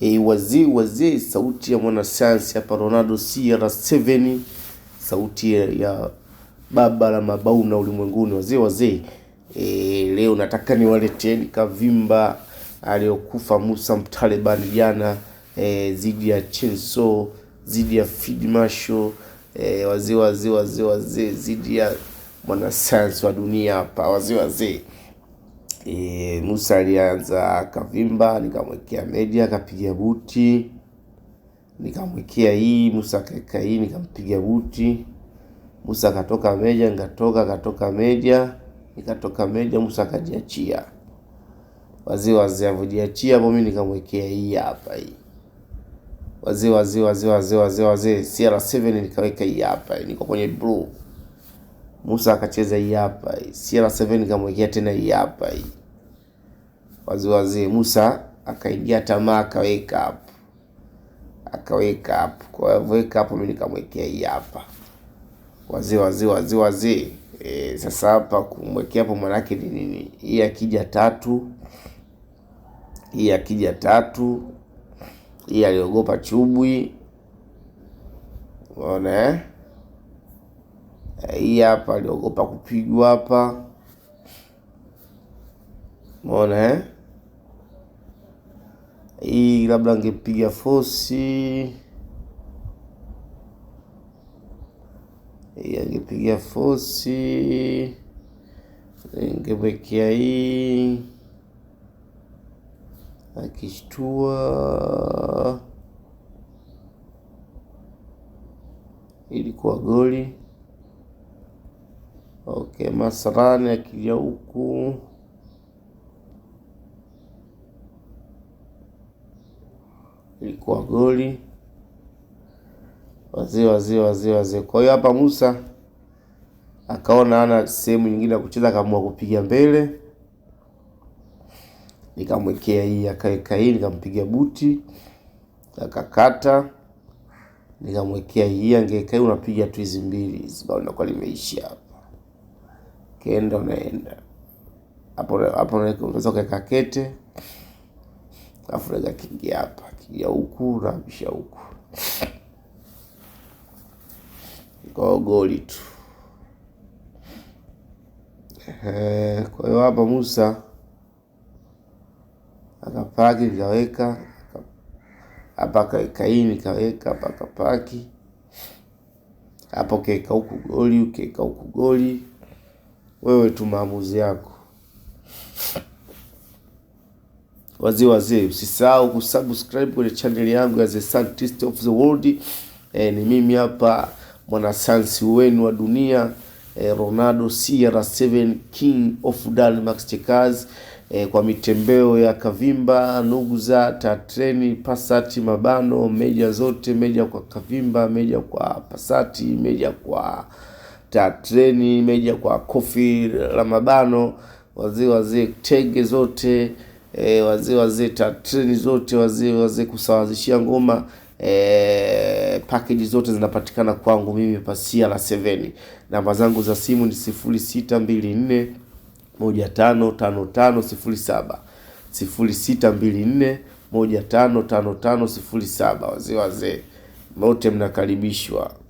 E, eh, wazee wazee, sauti ya mwanasayansi hapa Ronaldo CR7, sauti ya baba la mabauna ulimwenguni. Wazee wazee, eh, leo nataka niwaleteni kavimba aliyokufa Musa Mtalebani jana e, zidi ya Chenso, zidi ya Fidmasho e, wazee wazee wazee wazee, zidi ya mwanasayansi wa dunia hapa wazee wazee. E, Musa alianza akavimba, nikamwekea media akapiga buti, nikamwekea hii Musa akaweka hii, nikampiga buti Musa akatoka media, nikatoka, akatoka media, nikatoka media, Musa akajiachia wazee wazee, avyojiachia hapo, mimi nikamwekea hii hapa hii wazee wazee wazee wazee wazee wazee CR7 nikaweka hii hapa, niko kwenye blue Musa akacheza hii hapa, CR7 kamwekea tena hii hapa hii. Wazee wazee, Musa akaingia tamaa akaweka hapo. Akaweka hapo. Kwa hivyo weka hapo mimi nikamwekea hii hapa. Wazee wazee wazee wazee. E, sasa hapa kumwekea hapo manake ni nini? Hii akija tatu. Hii akija tatu. Hii aliogopa chubwi. Unaona eh? hii hapa aliogopa kupigwa hapa, mona eh? Hii labda angepiga fosi, hii angepiga fosi, ingemwekea hii akishtua, ilikuwa goli. Okay, Masrani akija huku ilikuwa goli. Wazee wazee wazee wazee. Kwa hiyo hapa Musa akaona ana sehemu nyingine ya kucheza, akaamua kupiga mbele, nikamwekea hii, akaweka hii, nikampiga buti, akakata, nikamwekea hii, angeweka hii, unapiga tu hizi mbili hizi, bao linakuwa limeisha ukienda unaenda hapo hapo, unaweza kuweka kete, alafu unaweza hapa, kingia huku na kisha huku, kwa goli tu. Kwa hiyo hapa Musa akapaki nikaweka hapa, akaweka hii nikaweka hapa, akapaki hapo, kaweka huku goli, ukaweka huku goli wewe tu maamuzi yako. Wazee wazee, usisahau kusubscribe kwenye chaneli yangu ya The Scientist of the World. E, ni mimi hapa mwanasayansi wenu wa dunia e, Ronaldo CR7 King of Denmark Checkers e, kwa mitembeo ya kavimba, nuguza, tatreni, pasati, mabano, meja zote, meja kwa kavimba, meja kwa pasati, meja kwa cha treni, imeja kwa kofi la mabano, wazee wazee tege zote e, wazee wazee ta treni zote, wazee wazee kusawazishia ngoma e, package zote zinapatikana kwangu mimi pasia la 7. Namba zangu za simu ni 0624 155507 0624 155507. Wazee wazee wote mnakaribishwa.